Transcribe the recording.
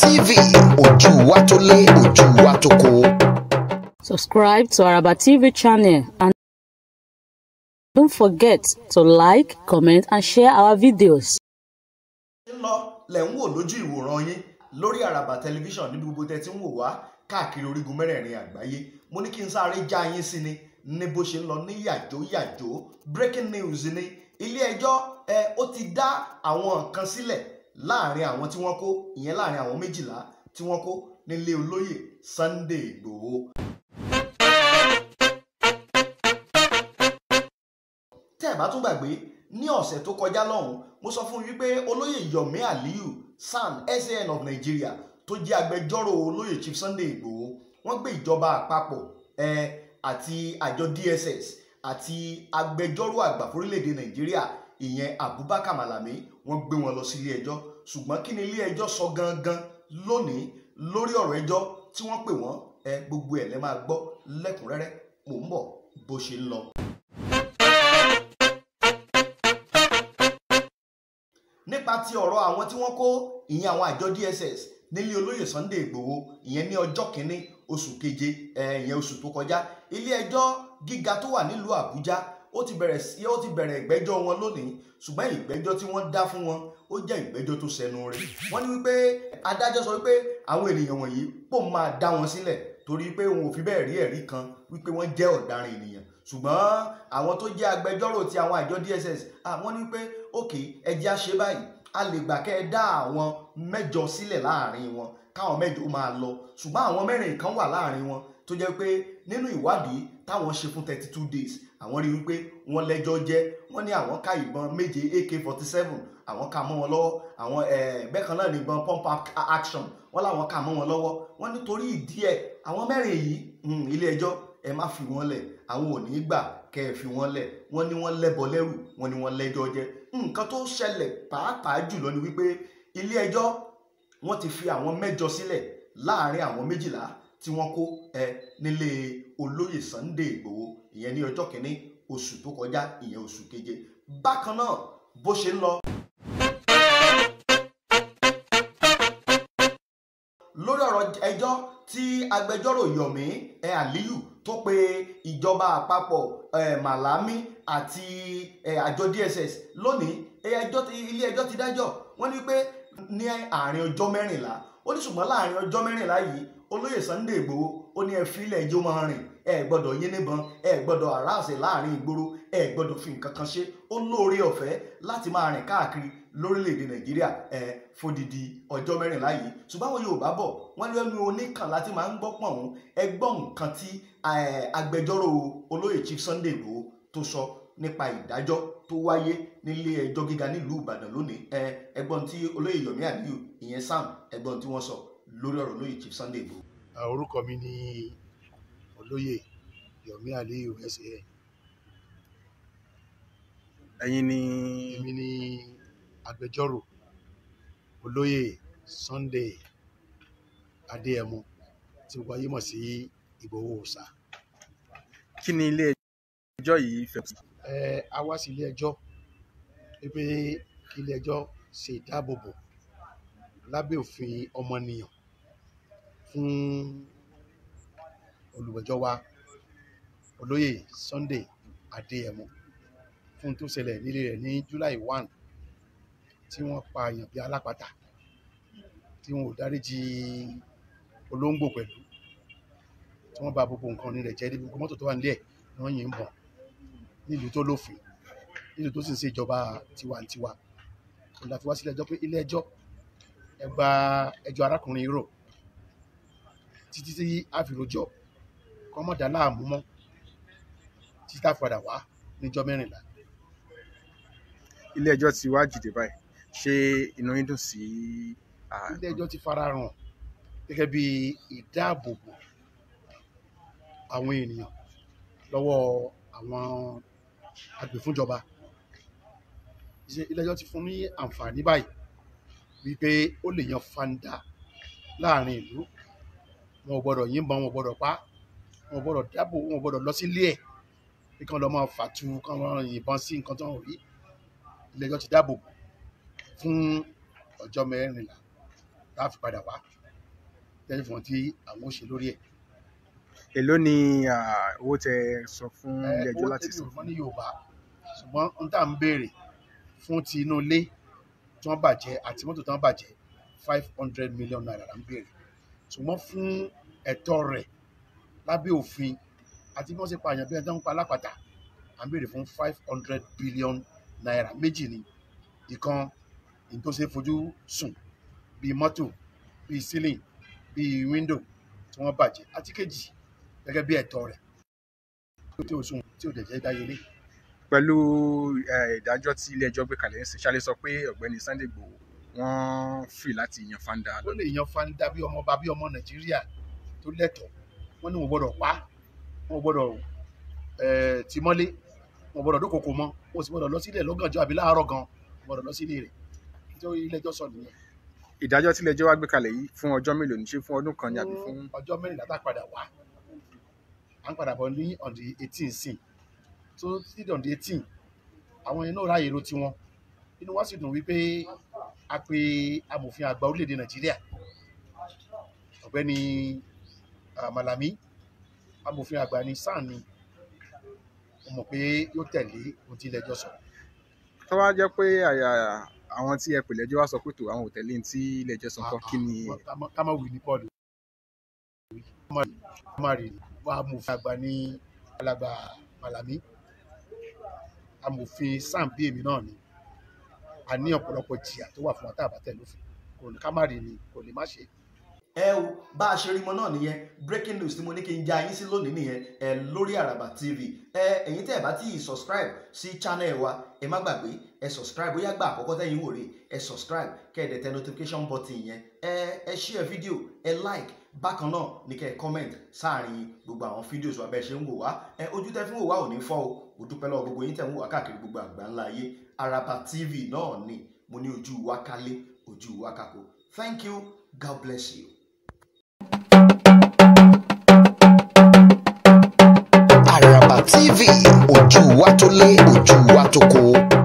TV ojú wa tó lé ojú wa tó kó. Subscribe to Araba TV channel and don't forget to like, comment and share our videos. lọ lẹ̀ ń wò lójú ìwòran yín lórí Araba tẹlifíṣàn níbi gbogbo tẹ́ ti ń wò wá káàkiri orígun mẹ́rẹ̀ẹ̀rin àgbáyé mo ní kí n sáré já yín sí ni ní bó ṣe ń lọ ní yàjó yàjó breaking news ni ilé ẹjọ́ ẹ ó ti dá àwọn nǹkan sílẹ̀ láàrin àwọn tí wọ́n kó ìyẹn láàrin àwọn méjìlá tí wọ́n kó nílé olóyè Sunday Ìgbòho. tẹ́ ẹ̀ bá tún gbàgbé ní ọ̀sẹ̀ tó kọjá lọ́hùn mo sọ fún yín pé olóyè Yomi Aliyu SAN SAN of Nigeria tó jẹ́ agbẹjọ́rò olóyè Chief Sunday Ìgbòho wọ́n gbé ìjọba àpapọ̀ ẹ̀ àti àjọ DSS àti agbẹjọ́rò àgbà fórílẹ̀-èdè Nàìjíríà ìyẹn Abubakar Malami wọ́n gbé wọn lọ sí ilé ẹjọ́ ṣùgbọ́n kí ni ilé ẹjọ́ sọ gangan lónìí lórí ọ̀rọ̀ ẹjọ́ tí wọ́n pè wọ́n ẹ gbogbo ẹ̀ lẹ́ máa gbọ́ lẹ́kùnrẹ́rẹ́ mò ń bọ̀ bó ṣe ń lọ. nípa ti ọ̀rọ̀ àwọn tí wọ́n kó ìyẹn àwọn àjọ DSS nílé olóyè Sunday Ìgbòho ìyẹn ní ọjọ́ kìíní oṣù keje ìyẹn oṣù tó kọjá ilé ẹjọ́ gíga tó wà nílùú Àbújá ó ti bẹ̀rẹ̀ sí ó ti bẹ̀rẹ̀ ìgbẹ́jọ́ wọn lónìí ṣùgbọ́n ìgbẹ́jọ́ tí wọ́n dá fún wọn ó jẹ́ ìgbẹ́jọ́ tó sẹnu rẹ̀ wọ́n ní wípé adájọ́ sọ wípé àwọn ènìyàn wọ̀nyí pò máa dá wọn sílẹ̀ torí pé òun ò fi bẹ́ẹ̀ rí ẹ̀rí kan wípé wọ́n jẹ́ ọ̀daràn ènìyàn ṣùgbọ́n àwọn tó jẹ́ agbẹjọ́rò ti àwọn àjọ DSS àwọn ní pé òkè ẹjẹ́ àṣẹ báyìí a lè gbà kẹ́ ẹ dá àwọn mẹ́jọ sílẹ̀ láàrin wọn káwọn mẹ́jọ máa lọ ṣùgbọ́n àwọn mẹ́rin kan wà láàrin wọn tó jẹ́ pé nínú ìwádìí táwọn ṣe fún thirty two days àwọn rí wípé wọ́n lẹ́jọ́ jẹ́ wọ́n ní àwọn ká ìbọn méje ak forty seven àwọn ká mọ́ wọn lọ́wọ́ àwọn eh, bẹ́ẹ̀ kan náà ní ìbọn pump action wọ́n láwọn ká mọ́ wọn lọ́wọ́ wọ́n nítorí ìdí ẹ̀ àwọn mẹ́rin yìí hmm, ilé ẹjọ́ ẹ má fi wọ́n lẹ̀ àwọn ò ní í gbà kẹ́ ẹ fi wọ́n lẹ̀ wọ́n ní wọ́n lẹ́bọ lẹ́rù wọ́n ní wọ́n lẹ́jọ́ jẹ́ nǹkan tó ṣẹlẹ̀ pàápàá jùlọ ni wípé ilé ẹjọ́ wọ́n ti fi àwọn mẹ́jọ sílẹ̀ láàrin àwọn méjìlá tí wọ́n kó ẹ nílé olóyè Sunday Ìgbòho ìyẹn ní ọjọ́ kìíní oṣù tó kọjá ìyẹn oṣù keje bákan náà bó ṣe ń lọ. lórí ọ̀rọ̀ ẹjọ́ tí agbẹjọ́rò Yomi ẹ Aliyu tó pe ìjọba àpapọ̀ ẹ Malami àti ẹ àjọ DSS lónìí ilé ẹjọ́ ti dájọ́ wọ́n ní pé ní àárín ọjọ́ mẹ́rìnlá ó ní ṣùgbọ́n láàárín ọjọ́ mẹ́rìnlá yìí olóyè Sunday Ìgbòho ó ní ẹ fílẹ̀ ẹjọ́ máa rìn ẹ gbọ́dọ̀ yín níbọn ẹ gbọ́dọ̀ àráàsẹ̀ láàárín ìgboro ẹ gbọ́dọ̀ fi nǹkan kan ṣe ó lóore ọ̀fẹ́ láti máa rìn káàkiri lórílẹ̀‐èdè Nàìjíríà ẹ fòdìdí ọjọ́ mẹ́rìnlá yìí ṣùgbọ́n àwọn Yorùbá bọ̀ wọ́n ní ẹnu oníkàn láti máa ń gbọ́ pọ̀ ọ̀hún ẹ gbọ́ nǹkan tí agbẹjọ́rò olóyè Chief Sunday Ìgbòho tó sọ nípa ìdájọ́ tó wáyé nílé ẹjọ́ gíga nílùú ìbàdàn lónìí ẹ ẹgbọ́n tí olóyè yomi aliyu ìyẹn sam ẹgbọ́n tí wọ́n sọ lórí ọ̀rọ̀ olóyè chief sunday igbó. orúkọ mi ni olóyè yomi aliyu sa. ẹ̀yin ni. èmi ni agbẹjọ́rò olóyè sunday adéyẹmọ tí gbogbo ayé mọ̀ sí ìgbòho ọ̀sà. kí ni ilé ẹjọ́ yìí fẹ́ sí a wá sí ilé ẹjọ́ wípé kí ilé ẹjọ́ ṣe ìdáàbòbò lábẹ́ òfin ọmọnìyàn fún olùgbẹ́jọ́ wa olóyè Sunday Adéyẹmọ fún tó ṣẹlẹ̀ nílé rẹ̀ ní July one tí wọ́n pa èèyàn bíi alápatà tí wọn ò dáríjì olóńgbò pẹ̀lú tí wọ́n bà gbogbo nǹkan ní rẹ̀ jẹ́ débi gbogbo mọ́tò tó wà nílẹ̀ ni wọ́n yìnbọn nílùú tó lófin nílùú tó sì ń ṣe ìjọba tiwantiwa òun láti wá sílé ẹjọ́ pé ilé ẹjọ́ ẹ gba ẹjọ́ arákùnrin rò títí tí a fi rojọ́ kọ́ mọ̀dá láàmú mọ́ títí tá a padà wá níjọ́ mẹ́rìnlá. ilé ẹjọ́ ti wá jìde báyìí ṣé inú yín dùn sí. ilé ẹjọ́ ti fara hàn gẹ́gẹ́ bí ìdáàbòbò àwọn ènìyàn lọ́wọ́ àwọn agbèfúnjọba iléẹjọ́ ti fún ní àǹfààní báyìí wípé ó lè yan fanda láàrin ìlú wọn ò gbọ́dọ̀ yìnbọn wọn ò gbọ́dọ̀ pa wọn ò gbọ́dọ̀ dábò wọn ò gbọ́dọ̀ lọ sílé ẹ̀ pé kí wọn lọ máa fàtu kí wọn yìnbọn sí nǹkan tó ń rí iléẹjọ́ ti dáàbò fún ọjọ́ mẹ́rìnlá láàfin padà wá lẹ́yìn fún wọn tí àwọn ò ṣe lórí ẹ̀ èló ni owó tẹ sọ fún ilé ẹjọ́ láti san. owó tẹ̀lé òfin ní yorùbá ṣùgbọ́n n tà ń béèrè fún ti inú ilé tí wọ́n bàjẹ́ àti mọ́tò tí wọ́n bàjẹ́ five hundred million naira là ń béèrè ṣùgbọ́n fún ẹ̀tọ́ rẹ̀ lábẹ́ òfin àti bí wọ́n ṣe pa àyàn bí ẹni tó ń pa alápàtà à ń béèrè fún five hundred billion naira méjì ni ìkan ìtò ṣe fojú sùn bíi mọ́tò bíi ceiling bíi window tí wọ́n bàjẹ́ àti kejì gẹ́gẹ́ bí ẹ̀tọ́ rẹ̀ tí o sùn tí o dẹ̀ jẹ́ dáyelé. pẹ̀lú eh, ìdájọ́ tí ilé-ẹjọ́ gbé kalẹ̀ ẹ̀sìn ṣálẹ̀ sọ pé ọ̀gbẹ́ni Sunday Igboho wọ́n free láti yan fanda. ó lè yan fanda bí ọmọ ọba bí ọmọ Nàìjíríà tó lẹ́tọ̀ọ́ wọ́n ní wọ́n gbọ́dọ̀ pa wọ́n gbọ́dọ̀ eh, tìmọ́lé wọ́n gbọ́dọ̀ dókòkò mọ́ wọ́n sì gbọ́dọ̀ lọ sílẹ̀ lọ́gànjọ́ àbí láàárọ̀ gan wọ́n gbọ́dọ̀ lọ sílé rẹ̀ nítorí ilé-ẹjọ́ sọ nìyẹn. ìdájọ́ tílẹ̀-ẹjọ́ wá gbé kalẹ̀ yìí fún ọjọ́ mélòó ní ṣe fún ọdún kan ni àbí fún. ọjọ́ mẹ́rìnlá tá a padà wá à ń padà bọ̀ ní on the eighteen sí so sí on the eighteen àwọn yẹn náà ráàyè ro tiwọn inú wa sì dùn wípé a pe amòfin àgbà orílẹ̀-èdè nàìjíríà ọ̀gbẹ́ni malami amòfin àgbà ni sáà ni mo mọ̀ pé yóò tẹ̀lé ohun tí ilé ẹjọ́ sọ. tó wá jẹ́ pé àyà àwọn tí ẹ pè lẹ́jọ́ wá sọ pé tó àwọn ò tẹ̀lé tí ilé ẹjọ́ sọ kọ́ kí ni. ká má wí ní pọ́ọ̀lù ká má rí ni amòfin àgbà ní alàgbà Malami amòfin sam bí èmi náà ni a ní ọ̀pọ̀lọpọ̀ jìyà tó wà fún wa tá a bá tẹ̀ lófin kò ní ká má rí ni kò lè má ṣe ẹ o bá a ṣe rí mọ náà nìyẹn breaking news tí mo ní kí n ja yín sí lónìí nìyẹn ẹ lórí Àràbà TV ẹ ẹ̀yin tẹ́ ẹ bá ti subscribe sí channel wa ẹ má gbàgbé ẹ subscribe bóyá gbà àkọ́kọ́ tẹ́yìn wò rè ẹ subscribe kẹ́ ẹ dẹ̀ tẹ notification button yẹn ẹ ẹ share video ẹ like bákan náà ní kẹ́ ẹ comment sáàrin gbogbo àwọn fídíòs wa bẹ́ẹ̀ ṣe ń wò wá ẹ ojú tẹ́ fi ń wò wá ò ní fọ́ o mo dúpẹ́ lọ́wọ́ gbogbo yín tẹ́ ń wò wá káàkiri gbogbo TV náà ni mo ní ojú wa kálé thank you God bless you. TV ojú wa tó lé ojú wa tó kó.